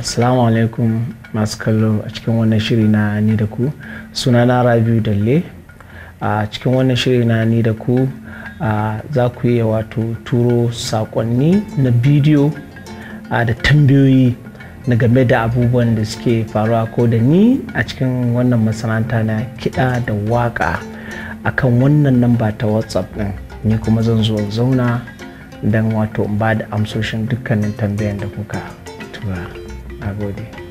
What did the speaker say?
Assalamu alaikum masu kallo a cikin wannan shiri na ni da ku Suna na Rabiu Dalle a cikin wannan shiri na ni da ku za ku iya wato turo saƙonni na bidiyo da tambayoyi na game da abubuwan da suke faruwa ko da ni a cikin wannan masana'anta na kiɗa da waƙa kan wannan namba ta whatsapp ɗin ni kuma zan zo zauna don wato ba da amsoshin dukkanin tambayan da kuka tura. 开锅底。